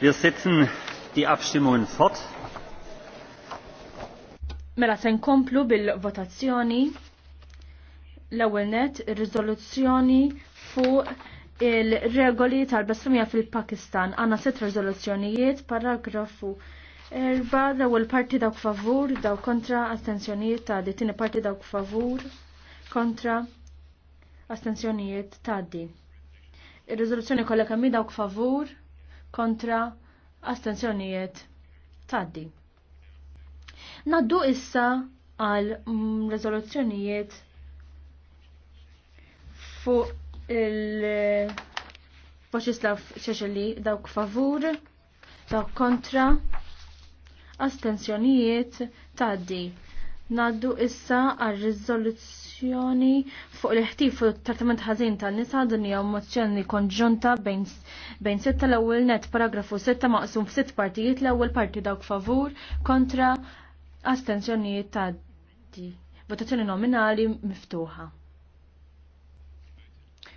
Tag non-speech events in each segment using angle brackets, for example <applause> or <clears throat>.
Wir setzen die Abstimmungen fort. Mela se nkomplu bil-votazzjoni l-ewwel net ir-riżoluzzjoni fuq il-regoli tal bestrumija fil-Pakistan għanna set rezoluzzjonijiet paragrafu erba daw il-parti dawk favur daw kontra astensjonijiet ta' di tini parti dawk favur kontra astensjonijiet ta' di. Il-rezoluzzjoni kollha kemm dawk favur kontra astenzjonijiet taddi. Naddu issa għal mm, rezoluzzjonijiet fuq il- Voċislav Xeċeli dawk favur, dawk kontra, astenzjonijiet taddi. Naddu issa għal rezoluzzjonijiet emozjoni fuq l-ħtif u trattament ħażin tan-nisa din hija mozzjoni konġunta bejn bejn l-ewwel net paragrafu setta maqsum f'sitt partijiet l-ewwel parti dawk favur kontra astenzjonijiet di Votazzjoni nominali miftuħa.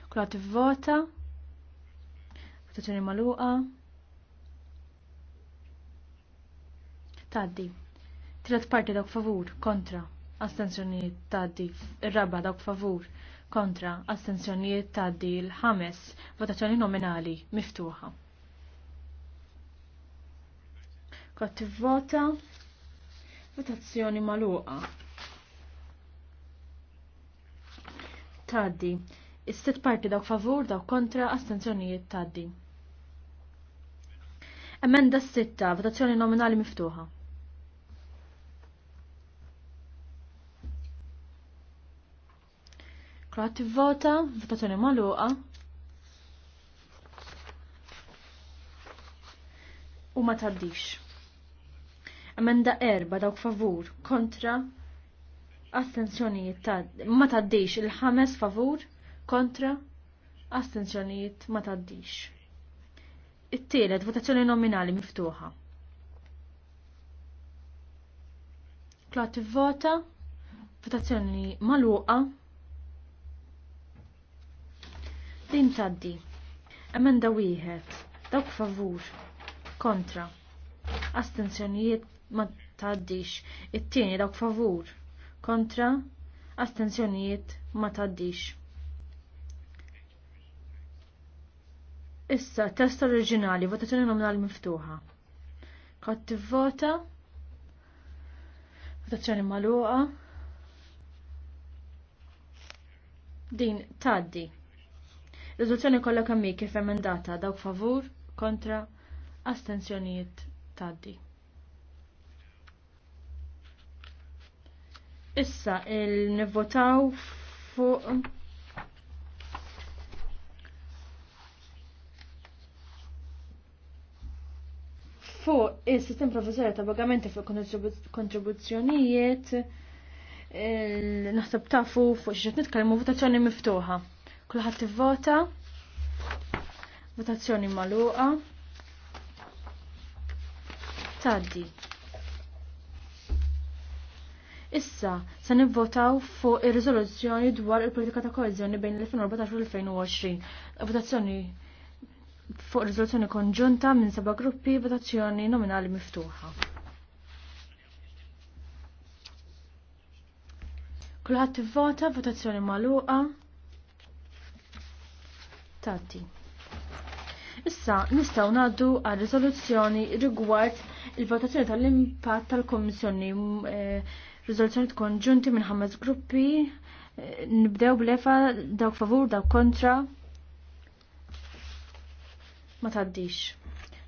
Kulat vota Votazzjoni magħluqa. Taddi. Tret parti dawk favur kontra astenzjonijiet taddi ir-raba dawk favur kontra astenzjonijiet taddi l-ħames votazzjoni nominali miftuħa. Kot vota votazzjoni maluqa. Taddi. Is-sitt parti dawk favur dawk kontra astenzjonijiet taddi. Emenda s sitta votazzjoni nominali miftuħa. Krat vota, votazzjoni maluqa. U ma tardix. Emenda erba dawk favur kontra astenzjonijiet ta' ma taddix il-ħames favur kontra astenzjonijiet ma tardix. It-tielet votazzjoni nominali miftuħa. Klat vota votazzjoni maluqa. Din taddi. Emenda wieħed. Dawk favur. Kontra. Astenzjonijiet ma taddix. It-tieni dawk favur. Kontra. Astenzjonijiet ma taddix. Issa, test oriġinali, votazzjoni nominali miftuħa. Kotti vota. Votazzjoni maluqa. Din taddi. Rezoluzzjoni kollha kemm kif emendata dawk favur kontra astensjonijiet taddi. Issa il-nivvotaw fuq fuq il-sistem professori ta' pagamenti fuq kontribuzzjonijiet naħseb tafu fuq xiex nitkellmu votazzjoni miftuħa. Kulħadd ivvota. Votazzjoni magħluqa. Taddi. Issa, se nivvotaw fuq ir-riżoluzzjoni dwar il-politika ta' koeżjoni bejn l-2014 u l-2020. Votazzjoni fuq riżoluzzjoni konġunta minn seba' gruppi votazzjoni nominali miftuħa. Kulħadd tivvota votazzjoni magħluqa trattati. Issa nistgħu ngħaddu għal rizoluzzjoni rigward il-votazzjoni tal-impatt tal-Kommissjoni eh, riżoluzzjoni konġunti minn ħames gruppi eh, nibdew blefa dawk favur dawk kontra ma taddix.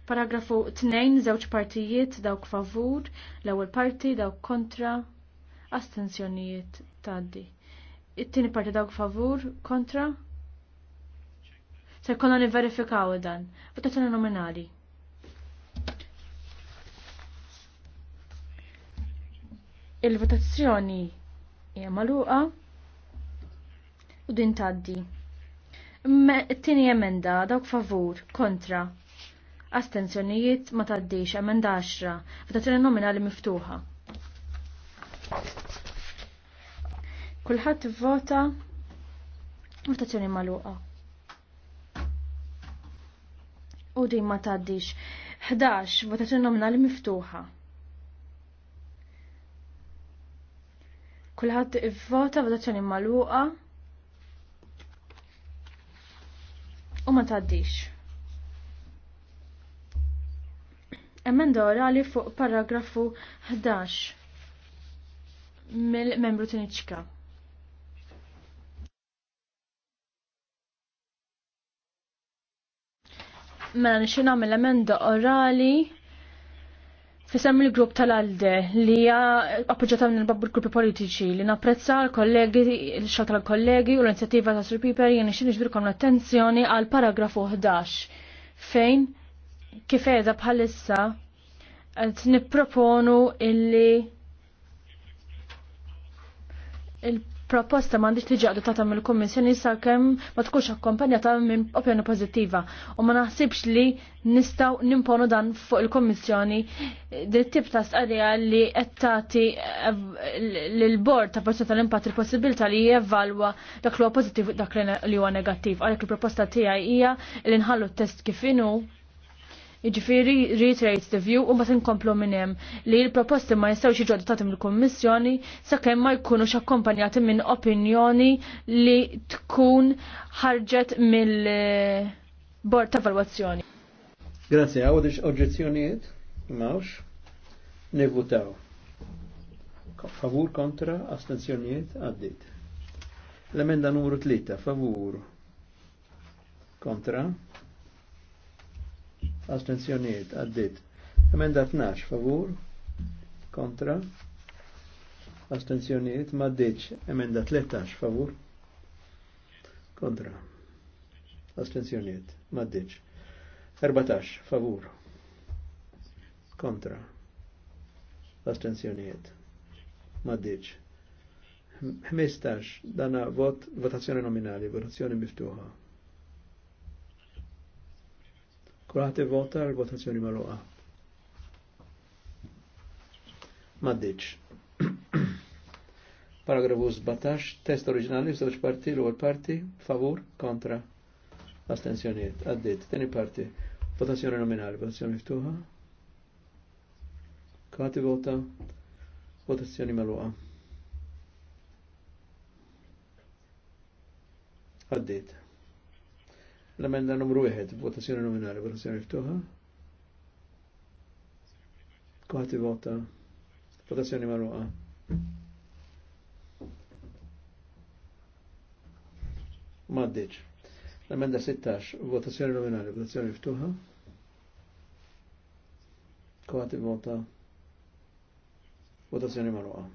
Paragrafu 2 żewġ partijiet dawk favur l-ewwel parti dawk kontra astensjonijiet taddi. It-tieni parti dawk favur kontra Se jkollna niverifikaw dan. Votazzjoni nominali. Il-votazzjoni hija magħluqa u din tgħaddi. Tieni emenda dawk favur, kontra. Astenzjonijiet ma tgħaddix emenda 10. Votazzjoni nominali miftuħa. Kulħadd vota votazzjoni magħluqa. u din ma taddix. 11 votazzjoni nominali miftuħa. Kulħadd ivvota votazzjoni magħluqa u ma taddix. Emenda orali fuq paragrafu 11 mill-membru Tiniċka. mela nixin għamil emenda orali fisem il-grupp tal-alde li hija appoġġjata minn babbu gruppi politiċi li napprezza l-kollegi l-xogħol tal-kollegi u l-inizjattiva ta' Sir Piper jien nixin niġbirkom l-attenzjoni għal paragrafu 11 fejn kif eda bħalissa qed nipproponu illi proposta m'għandix tiġi adottata mill-Kummissjoni sakemm ma tkunx akkompanjata minn opinjoni pożittiva u ma naħsibx li nistgħu nimponu dan fuq il-Kummissjoni din tip ta' stqarrija li qed tagħti eh, lill-bord ta' persuna tal-impatt il-possibilità li jevalwa dak li huwa pożittiv dak li huwa negattiv. Għalhekk il-proposta tiegħi hija li nħallu t-test kif inhu Iġifiri reiterate the view u ma tinkomplu minn hemm li l-proposti ma jistgħux jiġu adottati mill-Kummissjoni sakemm ma jkunux akkompanjati minn opinjoni li tkun ħarġet mill-bord ta' valwazzjoni. Grazie, għawdix oġezzjoniet, Mawx? Nevutaw. Favur kontra, astenzjonijiet, għaddit. L-emenda numru 3, favur. Kontra, astenzjoniet għaddit. Emenda 12 favur kontra astenzjoniet għaddit. Emenda 13 favur kontra astenzjoniet għaddit. 14 favur kontra astenzjoniet għaddit. 15 dana vot votazzjoni nominali, votazzjoni miftuħa. Kulħat vota l-votazzjoni maluqa. Maddiċ. <clears throat> Paragrafu 17, test oriġinali zoċ parti, l-ewwel parti, favur, kontra, astensjoniet. Addit, tieni parti, votazzjoni nominali, votazzjoni ftuħa. Kati vota, votazzjoni magħluqa. Addit. L-emenda numru 1, votazzjoni nominali, votazzjoni ftuħa. Kuħati vota, votazzjoni marruqa. Maddiċ. L-emenda 16, votazzjoni nominali, votazzjoni ftuħa. Kuħati vota, votazzjoni marruqa.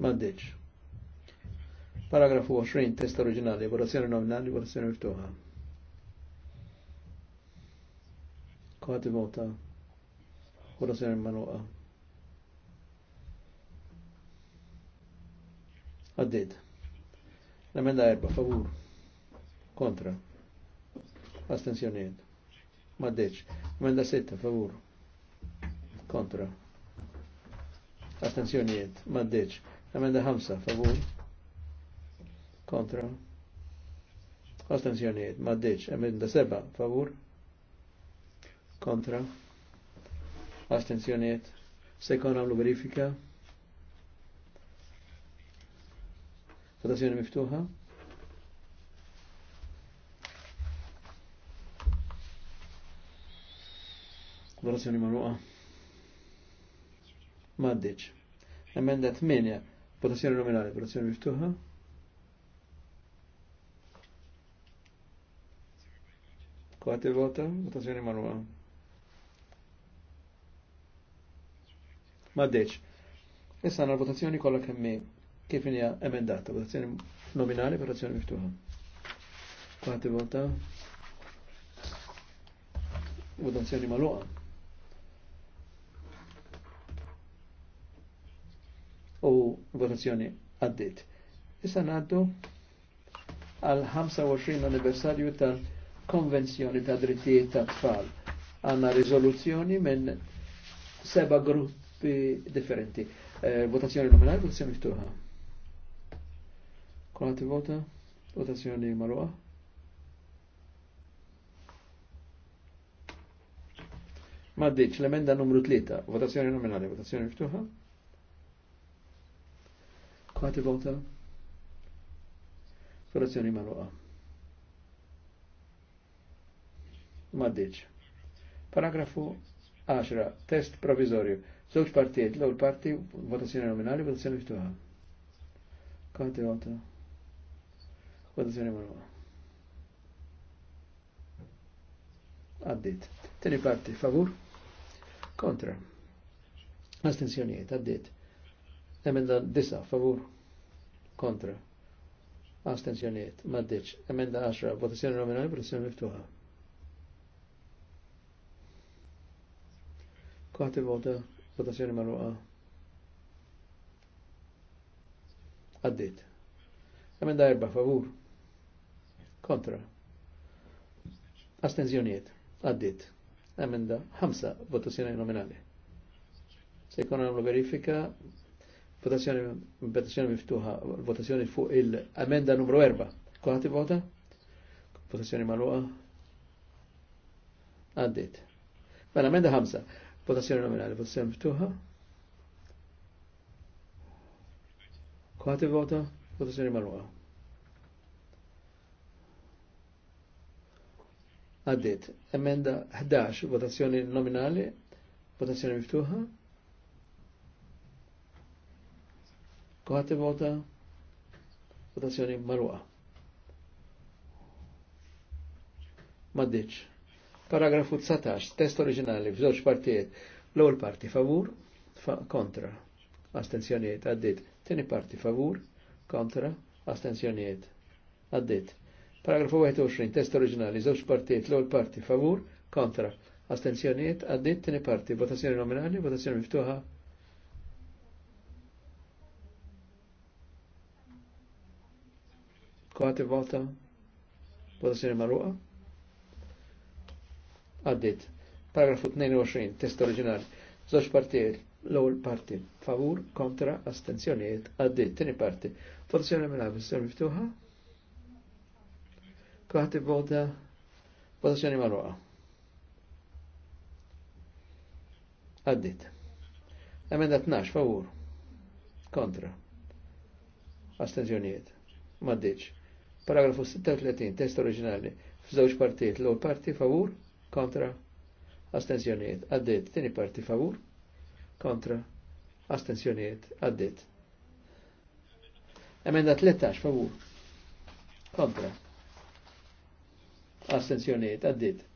Maddeċ. Paragrafu 20, test oriġinali, evoluzjoni nominali, evoluzjoni miftuħa. Kħati vota, evoluzjoni manuqa. Għaddit. L-emenda erba, favur. Kontra. Astenzjoniet. Maddiċ. Emenda setta, favur. Kontra. Astenzjoniet. Maddeċ. Emenda ħamsa, favur. Kontra. Astenzjoniet, maddiċ. Emenda seba, favur. Kontra. Astenzjoniet. Sekon għamlu verifika. Votazzjoni miftuħa. Votazzjoni marruqa. Maddiċ. Emenda 8 Votazzjoni nominali, votazzjoni miftuħa. Kwati vota, votazzjoni manuwa. Ma deċ. Issa għanna votazzjoni kolla kemmi kif hija emendata, votazzjoni nominali, votazzjoni miftuħa. Kwati vota, votazzjoni manuwa. u votazzjoni għaddit. Issa naddu għal 25 anniversarju tal-Konvenzjoni ta' drittijiet ta' tfal. Għanna rizoluzzjoni minn seba gruppi differenti. Eh, votazzjoni nominali, votazzjoni ftuħa. Kolati vota, votazzjoni marwa. Maddiċ, l-emenda numru 3, votazzjoni nominali, votazzjoni ftuħa. Kwati vota? Votazzjoni maluqa. Maddiċ. Paragrafu 10. Test provizorju. Żewġ partijiet, l-ewwel parti votazzjoni nominali, votazzjoni ftuħa. Kwati vota? Votazzjoni maluqa. Għaddit. Tieni parti, favur? Kontra. Astensjonijiet, għaddit. Emenda disa, favur, kontra. Astenzjoniet, maddiċ. Emenda 10, votazzjoni nominali, votazzjoni miftuħa. Kati vota, votazzjoni marruqa. Addit. Emenda erba, favur. Kontra. Astenzjoniet, addit. Emenda ħamsa, votazzjoni nominali. Se jkun verifika, votazzjoni votazzjoni miftuħa, votazzjoni fuq il-amenda numru 4. Kuħati vota? Votazzjoni maluqa? Għaddit. Mela, amenda 5. Votazzjoni nominali, votazzjoni miftuħa? Kuħati vota? Votazzjoni maluqa? Għaddit. Amenda 11. Votazzjoni nominali, votazzjoni miftuħa? Kuħat vota votazzjoni marwa. Maddiċ. Paragrafu 19, test oriġinali, f'żewġ partijiet. L-ewwel parti favur, fa kontra. Astenzjonijiet għaddit. Tieni parti favur, kontra, astenzjonijiet. Għaddit. Paragrafu 21, test oriġinali, żewġ partijiet, l-ewwel parti favur, kontra. Astenzjonijiet għaddit, tieni parti, votazzjoni nominali, votazzjoni miftuħa, Kwati bada sinir marruqa? Għaddit. Paragrafu 22, test oriġinali. Zoċ partijiet, l-ewwel parti favur kontra astenzjonijiet għaddit. Tieni parti. Votazzjoni nominali, votazzjoni miftuħa? Kwati bada sinir marruqa? Għaddit. Emenda 12, favur. Kontra. Astenzjonijiet. Maddiċ. Paragrafu 36, test oriġinali, f'żewġ partijiet, l-ewwel parti favur, kontra, astensjonijiet, għaddit, tieni parti favur, kontra, astensjonijiet, għaddit. Emenda 13, favur, kontra, Astenzjonijiet għaddit.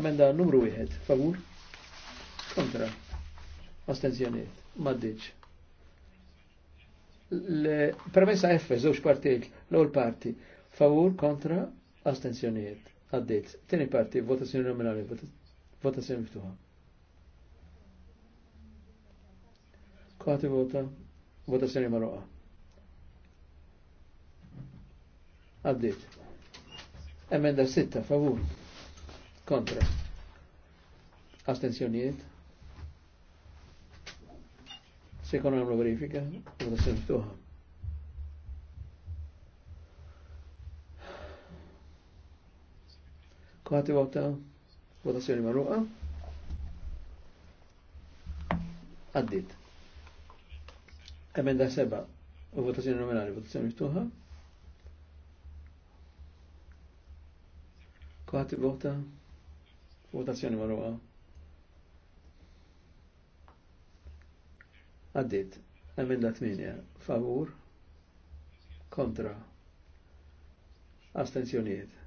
Emenda numru 1, favur, kontra, astenzjonijiet, maddiċ premessa F, żewġ partijiet, l-ewwel parti, favur kontra astenzjonijiet. Għaddejt, Tieni parti, votazzjoni nominali, votazzjoni miftuħa. Kati vota, votazzjoni marruqa. Għaddejt. Emenda sitta, favur. Kontra. Astenzjonijiet. Se jkun lo verifika, votazzjoni miftuħa. Kwati vota votazzjoni marruqa. Għaddit. Emenda seba. Votazzjoni nominali, votazzjoni miftuħa. Kwati vota votazzjoni marruqa. Għaddit. Emenda tminja. Favur. Kontra. Astenzjoniet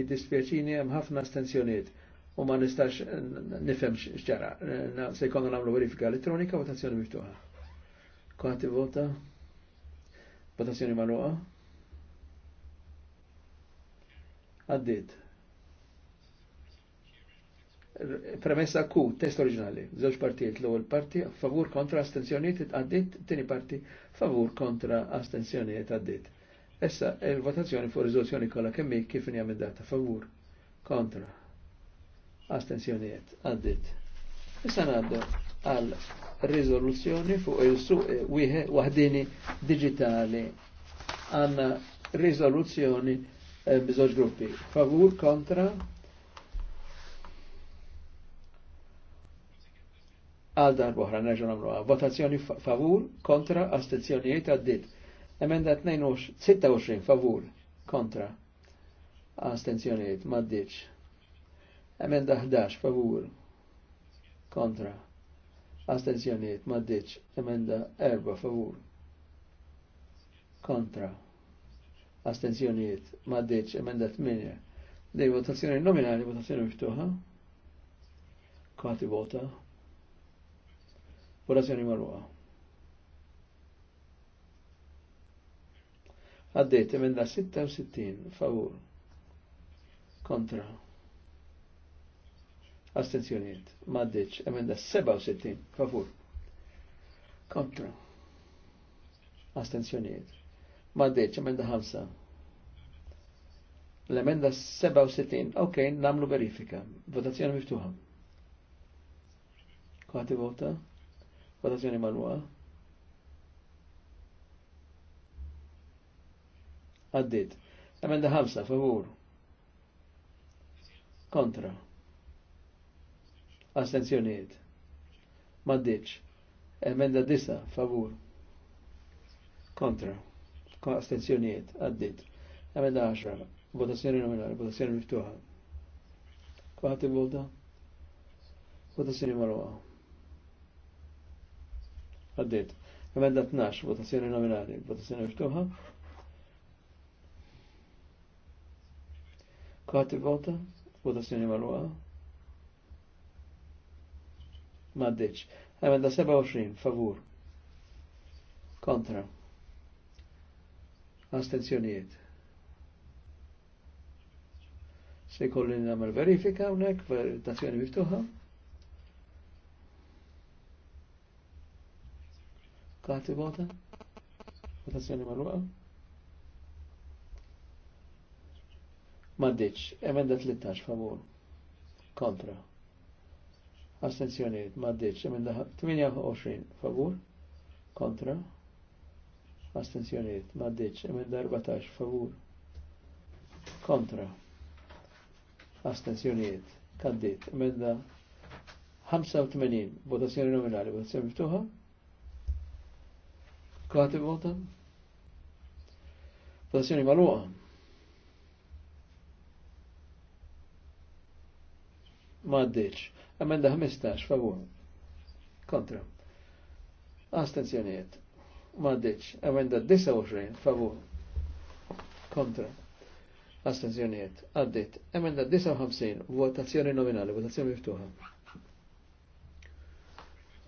jiddispjaċini hemm ħafna astensjoniet u ma nistax nifhem x'ġara. Se jkollna nagħmlu verifika elettronika votazzjoni miftuħa. Kuħat vota? Votazzjoni magħluqa? Għaddiet. Premessa Q, test oriġinali, żewġ partijiet l-ewwel parti favur kontra astensjonijiet għaddiet, tieni parti favur kontra astensjonijiet għaddiet. Issa il-votazzjoni fuq rizoluzzjoni kollha kemm kif id-data, favur kontra Astenzjonijiet għaddit. Issa ngħaddu għal riżoluzzjoni fuq il-suq eh, waħdini digitali għandna riżoluzzjoni eh, bżoġ gruppi. Favur kontra għal darbohra nerġu namlu Votazzjoni favur kontra astenzjonijiet għaddit Emenda 26 favur kontra astenzjoniet maddiċ. Emenda 11 favur kontra astenzjoniet maddiċ. Emenda 4 favur kontra astenzjoniet maddiċ. Emenda 8 dej votazzjoni nominali, votazzjoni miftuħa. Kati vota. Votazzjoni marruħa Għaddejt emenda 66 favur kontra. Astenzjoniet, maddiċ, emenda 67 favur kontra. Astenzjoniet, maddiċ, emenda 5. L-emenda 67, ok, namlu verifika. Votazzjoni miftuħa. Kwati vota? Votazzjoni manual? għaddit. Emenda ħamsa, favur. Kontra. Astenzjoniet. Maddiċ. Emenda disa, favur. Kontra. Astenzjoniet, għaddit. Emenda 10, votazzjoni nominali, votazzjoni miftuħa. Kwaħti volta Votazzjoni marwa. Għaddit. Emenda 12, votazzjoni nominali, votazzjoni miftuħa. Kati vota, votazzjoni marruqa. Maddeċ. Emenda 27, favur. Kontra. Astenzjonijiet. Se jkolli namel verifika unek, verifikazzjoni miftuħa. Kati vota. Votazzjoni marruqa. Maddiċ, emenda 13, favur. Kontra. Astenzjoniet, maddiċ, emenda 28, favur. Kontra. Astenzjoniet, maddiċ, emenda 14, favur. Kontra. Astenzjoniet, kaddit, emenda 85, votazzjoni nominali, votazzjoni miftuħa. Klati votan. Votazzjoni maluqa. ma Emenda 15, favur. Kontra. Astenzjoniet. Ma Emenda 29, favur. Kontra. Astenzjonijiet. Għaddit. Emenda 59, votazzjoni nominali, votazzjoni miftuħa.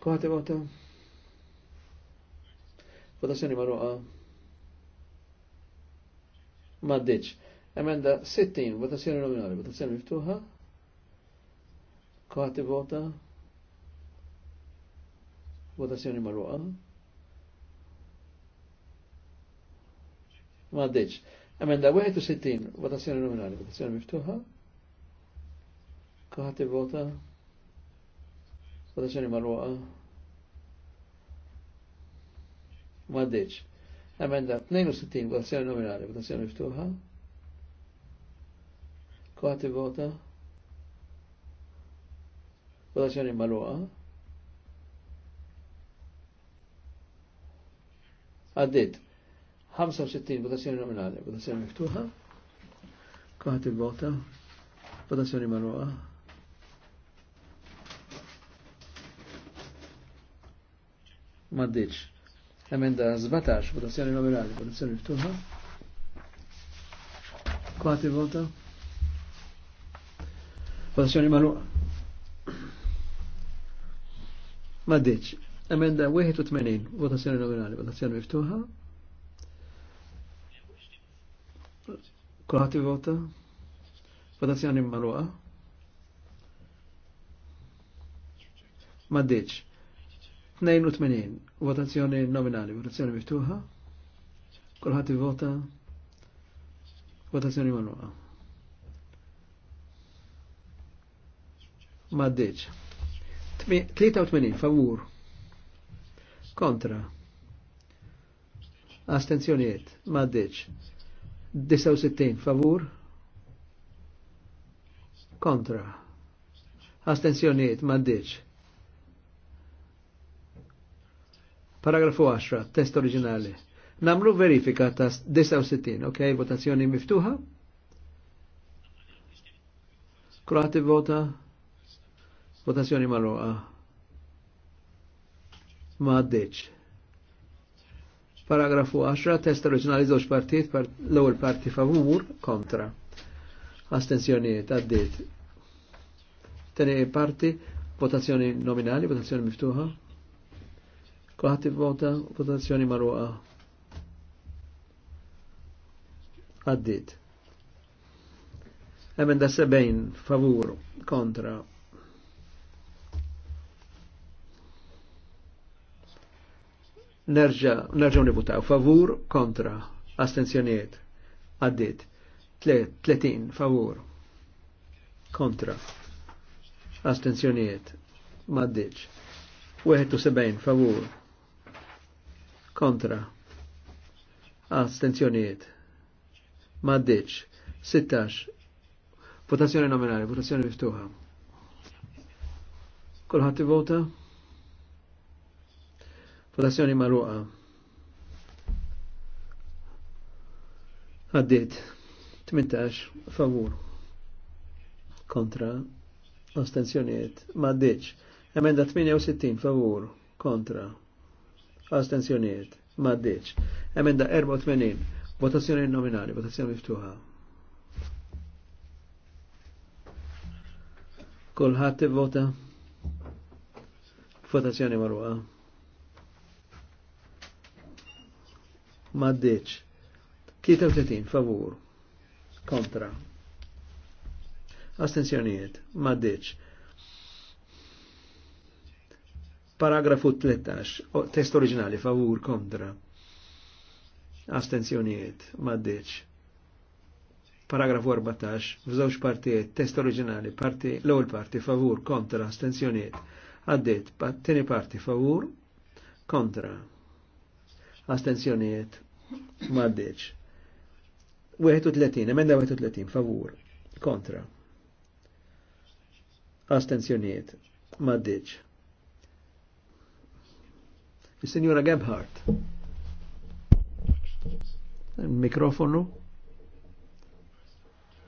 Kohati vota? Votazzjoni marruqa. Ma Emenda 60, votazzjoni nominali, votazzjoni miftuħa. Kati vota. Votazzjoni marruqa. Ma għaddeċ. Emenda 61, votazzjoni nominali, votazzjoni miftuħa. Kati vota. Votazzjoni marruqa. Ma għaddeċ. Emenda 62, votazzjoni nominali, votazzjoni miftuħa. Kati vota. Vota Votazzjoni maluqa. Għaddit. 65 votazzjoni nominali, votazzjoni miftuħa. Kħat il-vota. Votazzjoni maluqa. Maddiċ. Emenda 17, votazzjoni nominali, votazzjoni miftuħa. Kħat il-vota. Votazzjoni maluqa. ma ditx. Emenda 81, votazzjoni nominali, votazzjoni miftuħa. Kulħati vota? Votazzjoni maluqa? Ma ditx. 82, votazzjoni nominali, votazzjoni miftuħa. Kulħati vota? Votazzjoni maluqa? Ma ditx. 83 favur kontra astenzjoniet maddeċ 69 favur kontra astenzjoniet maddeċ Paragrafu 10, test oriġinali. Namlu verifika ta' 69, ok, votazzjoni miftuħa. Kroati vota. Votazzjoni maluqa. Ma għaddeċ. Paragrafu 10, test oriġinali żewġ partit, part, l-ewwel parti favur, kontra. Astensjonijiet għaddiet. Teni parti, votazzjoni nominali, votazzjoni miftuħa. Kulħadd vota, votazzjoni maruqa. Għaddiet. Emenda 70, favur, kontra, nerġaw nivutaw favur kontra astenzjoniet għaddit 30 favur kontra astenzjoniet maddiċ 71 favur kontra astenzjoniet maddiċ 16 votazzjoni nominali votazzjoni miftuħa kulħadd vota? Votazzjoni marruqa. Għaddit. 18 favur. Kontra. Astenzjoniet. Maddiċ. Emenda 68 favur. Kontra. Astenzjoniet. Maddiċ. Emenda 84. Votazzjoni nominali. Votazzjoni miftuħa. Kolħat vota. Votazzjoni marruqa. maddeċ. 33 favur kontra. Astenzjonijiet maddeċ. Paragrafu 13, test oriġinali favur kontra. Astenzjonijiet maddeċ. Paragrafu 14, f'żewġ partijiet, test oriġinali, parti, l-ewwel parti favur kontra astenzjonijiet. Għaddiet, tieni parti favur kontra astenzjonijiet maddeċ. 31, emenda 31, favur, kontra, astenzjonijiet maddeċ. Il-Signora Gebhardt. Mikrofonu.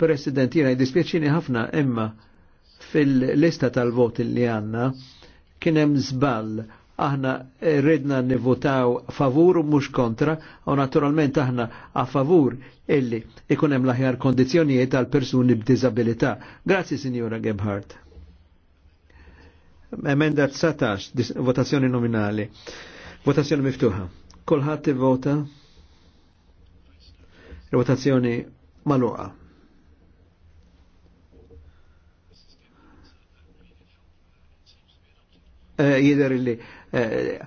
President, jina jdispieċini ħafna imma fil-lista tal-voti li għanna kienem zbal aħna redna nivotaw favur u mux kontra, u naturalment aħna a favur illi ikunem laħjar kondizjonijiet għal persuni b'dizabilità. Grazzi, Signora Gebhardt. Emenda 19, votazzjoni nominali. Votazzjoni miftuħa. Kolħat vota. Votazzjoni maluqa. Eh, jider li eh,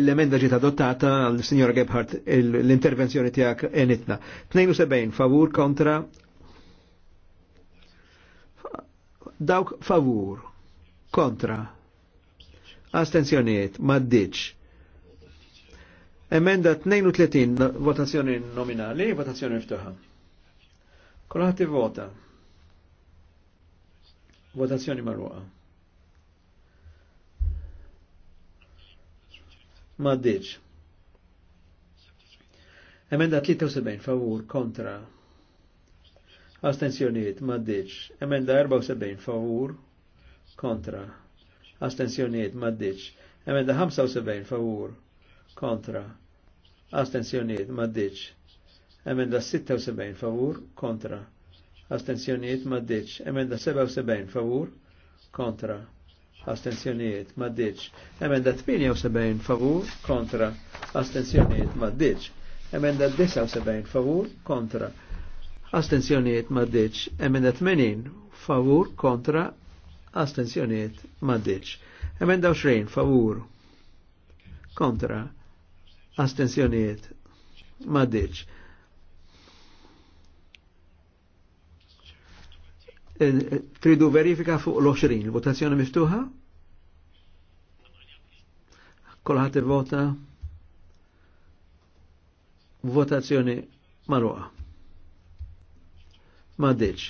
l-emenda ġiet adottata l-Signora Gebhardt l-intervenzjoni tiegħek enitna. 72 favur kontra dawk favur kontra astenzjoniet maddiċ. Emenda 32 votazzjoni nominali, votazzjoni ftuħa. Kolħati vota. Votazzjoni marruqa. maddiċ. Emenda 73 favur kontra astensjoniet maddiċ. Emenda 74 favur kontra astensjoniet maddiċ. Emenda 75 favur kontra astensjoniet maddiċ. Emenda 76 favur kontra astensjoniet maddiċ. Emenda 77 favur kontra astenzjonijiet maddiċ. Emenda 78 favur kontra astenzjonijiet maddiċ. Emenda 79 favur kontra astenzjonijiet maddiċ. Emenda 80 favur kontra astenzjonijiet maddiċ. Emenda 20 favur kontra astenzjonijiet maddiċ. Tridu verifika fuq l-20, votazzjoni miftuħa? Kolħat il-vota? Votazzjoni marruqa. Ma ddiċ.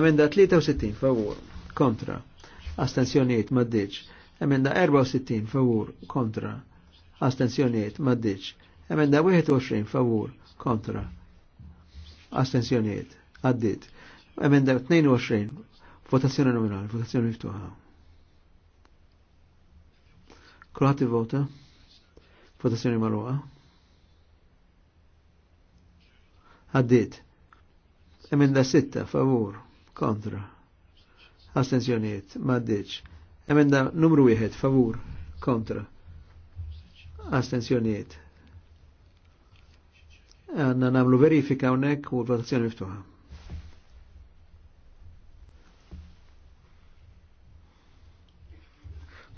Emenda 63 favur, kontra. Astenzjoniet ma ddiċ. Emenda 64 favur, kontra. Astenzjoniet ma ddiċ. Emenda 21 favur, kontra. Astenzjoniet, għaddit. Emenda 22. Votazzjoni nominali, votazzjoni miftuħa. Kroħat vota Votazzjoni marruqa. Għaddit. Emenda 6, favur, kontra. Astenzjoniet, maddiċ. Emenda numru 1, favur, kontra. Astenzjoniet. Għanna namlu verifika unnek u votazzjoni miftuħa.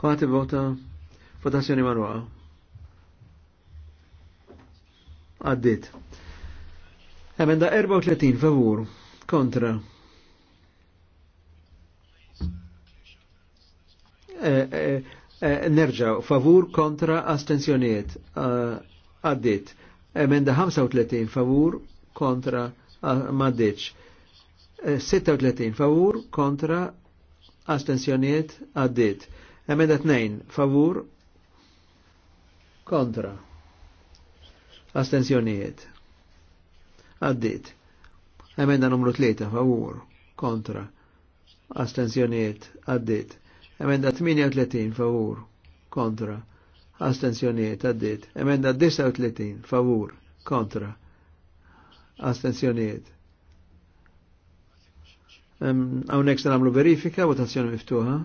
Kħati vota votazzjoni marwa. Għaddit. Emenda 34 favur kontra. E, e, e, nerġaw, favur kontra astensjoniet. Għaddit. Emenda 35 favur kontra maddiċ. 36 favur kontra astensjoniet għaddit. Emenda 2 favur kontra astenzjonijiet. Għaddit. Emenda numru 3 favur kontra astenzjonijiet. Għaddit. Emenda 38 favur kontra astenzjonijiet. Għaddit. Emenda 39 favur kontra astenzjonijiet. Għawnek um, se namlu verifika, votazzjoni miftuħa.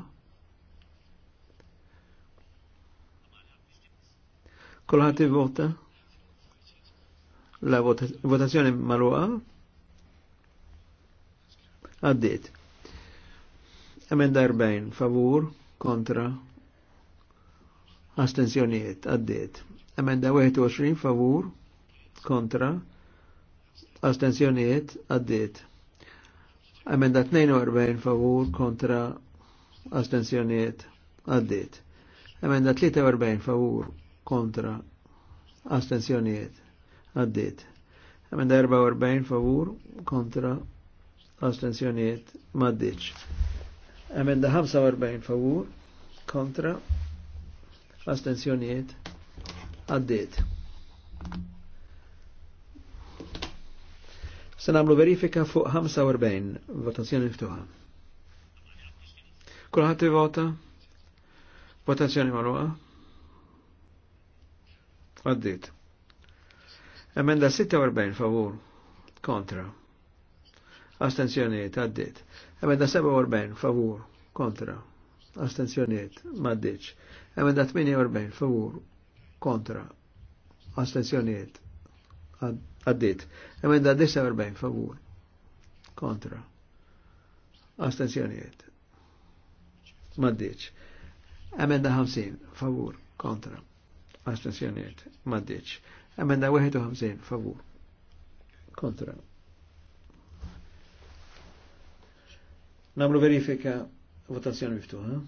Kulħat vota la vota votazzjoni maluqa għaddit. Emenda 40, favur, kontra, astenzjoniet għaddit. Emenda 21, favur, kontra, astenzjoniet għaddit. Emenda 42, favur, kontra, astenzjoniet għaddit. Emenda 43, favur, kontra astensjonijiet għaddit. Emenda 44 favur kontra astensjonijiet maddiċ. Emenda 45 favur kontra astensjonijiet għaddit. Se namlu verifika fuq 45 votazzjoni ftuħa. Kulħadd vota? Votazzjoni magħluqa? Għaddit. Emenda 46 favur kontra. Astenzjoniet għaddit. Emenda 47 favur kontra. Astenzjoniet maddiċ. Emenda 48 favur kontra. Astenzjoniet għaddit. Emenda 49 favur kontra. Astenzjoniet maddiċ. Emenda 50 favur kontra astensjoniet maddiċ. Emenda 51 favur kontra. Namlu verifika votazzjoni miftuħa.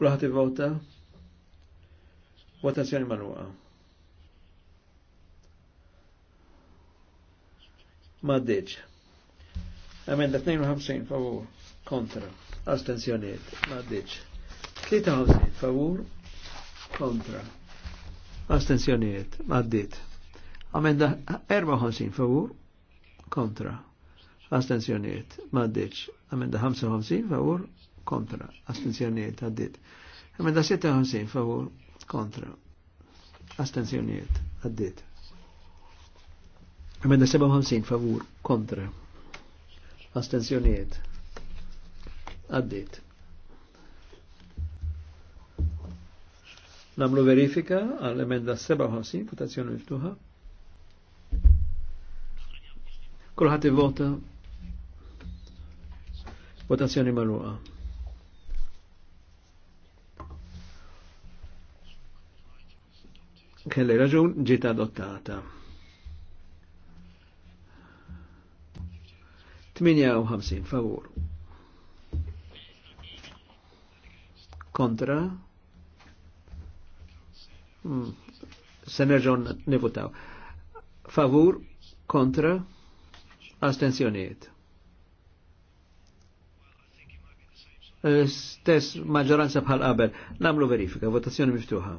Kulħat vota votazzjoni marruqa. Maddiċ. Emenda 52 favur kontra. Astensjoniet maddiċ. 53 favur kontra. Astenzjoniet, għaddit. Amenda 54 favur kontra. Astenzjonijiet, maddiċ. Amenda 55 favur kontra. Astenzjoniet, għaddit. Amenda 56 favur kontra. Astenzjoniet, għaddit. Amenda 57 favur kontra. Astenzjoniet, Addit. Namlu verifika għal emenda 57, votazzjoni miftuħa. Kulħat vota votazzjoni maluqa. Kelle raġun ġita adottata. 58 favor. Kontra Mm. Se nerġon nivutaw. Favur, kontra, astensjoniet. E, stess maġoranza bħal qabel. Namlu verifika, votazzjoni miftuħa.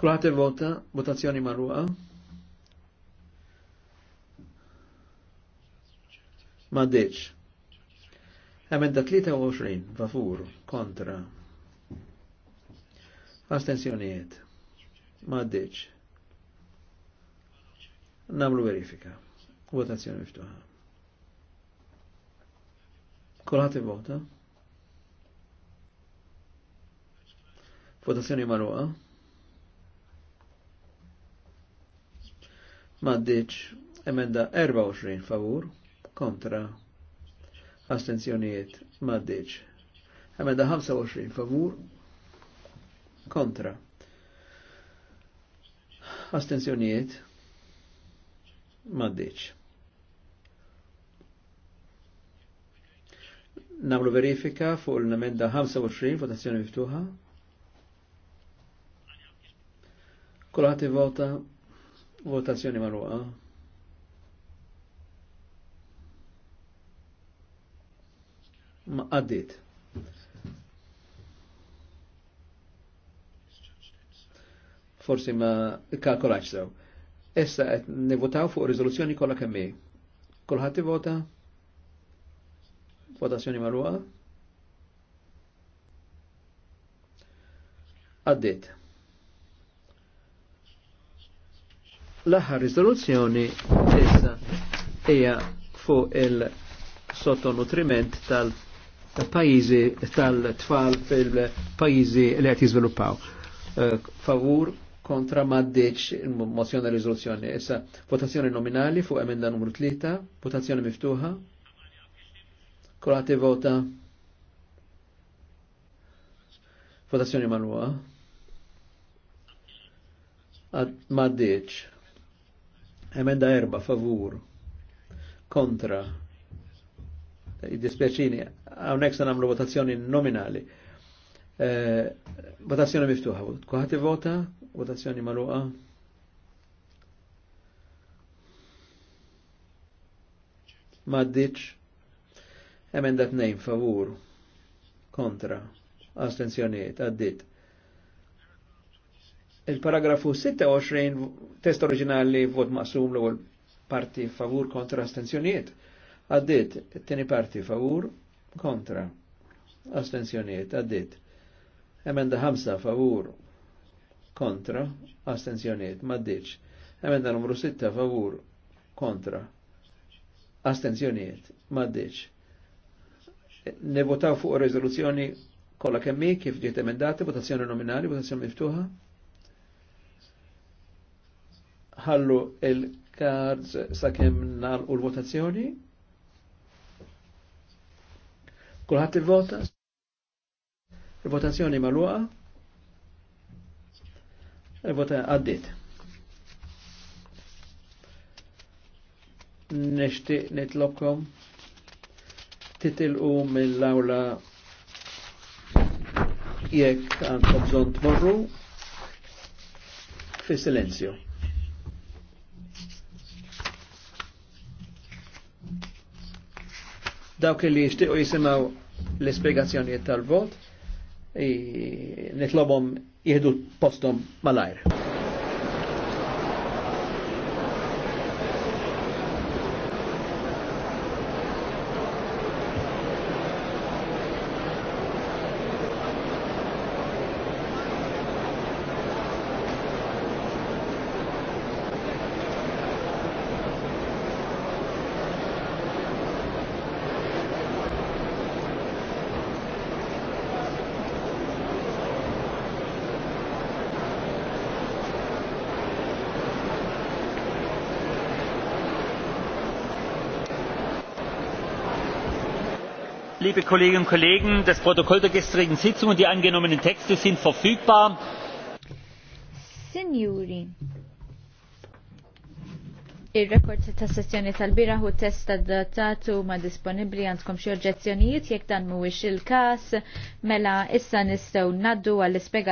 Kulħat vota votazzjoni marruqa. Ma' deċ. Emenda 23, vafur, kontra. Astenzjonijiet. Maddiċ. Namlu verifika. Votazzjoni miftuħa. Kulħat vota. Votazzjoni marruqa. Maddiċ. Emenda 24, favur, kontra astenzjonijiet maddiċ. Emenda 25 favur kontra astenzjonijiet maddeċ. Namlu verifika fuq l-emenda 25 votazzjoni miftuħa. Kulħati vota votazzjoni marruqa. ma għaddit. Forsi ma kalkolax sew. Issa qed nivutaw fuq riżoluzzjoni kollha kemm hi. Kulħadd ivota? Votazzjoni magħluqa? Għaddit. L-aħħar riżoluzzjoni issa hija fuq il-sottonutriment tal- pajizi tal-tfal fil-pajizi li għet jizviluppaw. Eh, favur kontra maddeċ mozzjoni rizoluzzjoni. Issa, votazzjoni nominali fuq emenda numru 3, votazzjoni miftuħa. Kolati vota. Votazzjoni manwa. Maddeċ. Emenda erba, favur. Kontra id-dispieċini, hawnhekk se nagħmlu votazzjoni nominali. Eh, votazzjoni miftuħa. Kuħati vota, votazzjoni maluqa. Maddiċ. Emenda tnejn favur. Kontra. Astenzjoniet. Addit. Il-paragrafu 26 test oriġinali vot maqsum l-ewwel parti favur kontra astenzjoniet Għaddit, t-tini parti favur, kontra. Astenzjoniet, għaddit. Emenda ħamsa favur, kontra. Astenzjoniet, maddiċ. Emenda numru sitta favur, kontra. Astenzjoniet, maddiċ. Nevotaw fuq rezoluzzjoni kolla kemmi kif ġiet emendati, votazzjoni nominali, votazzjoni miftuħa. Ħallu il-kards sakemm nagħlqu l-votazzjoni. Kulħadd vota Il-votazzjoni magħluqa? Il-vota għaddiet. Nixtieq nitlokkom. titilqu mill-awla jekk għandkom bżonn tmorru fi silenzju. Dawk li jixtiequ jisimaw l-ispjegazzjonijiet tal-vot, nitlobhom jieħdu postom malajr. liebe Kolleginnen und Kollegen, das Protokoll der gestrigen Sitzung und die angenommenen Texte sind verfügbar. Signori, il-rekord ta' sessjoni tal-bira u testa datatu ma' disponibli għandkom xie oġezzjonijiet jek dan mu il kas mela issa nistaw naddu għall-ispjegazzjoni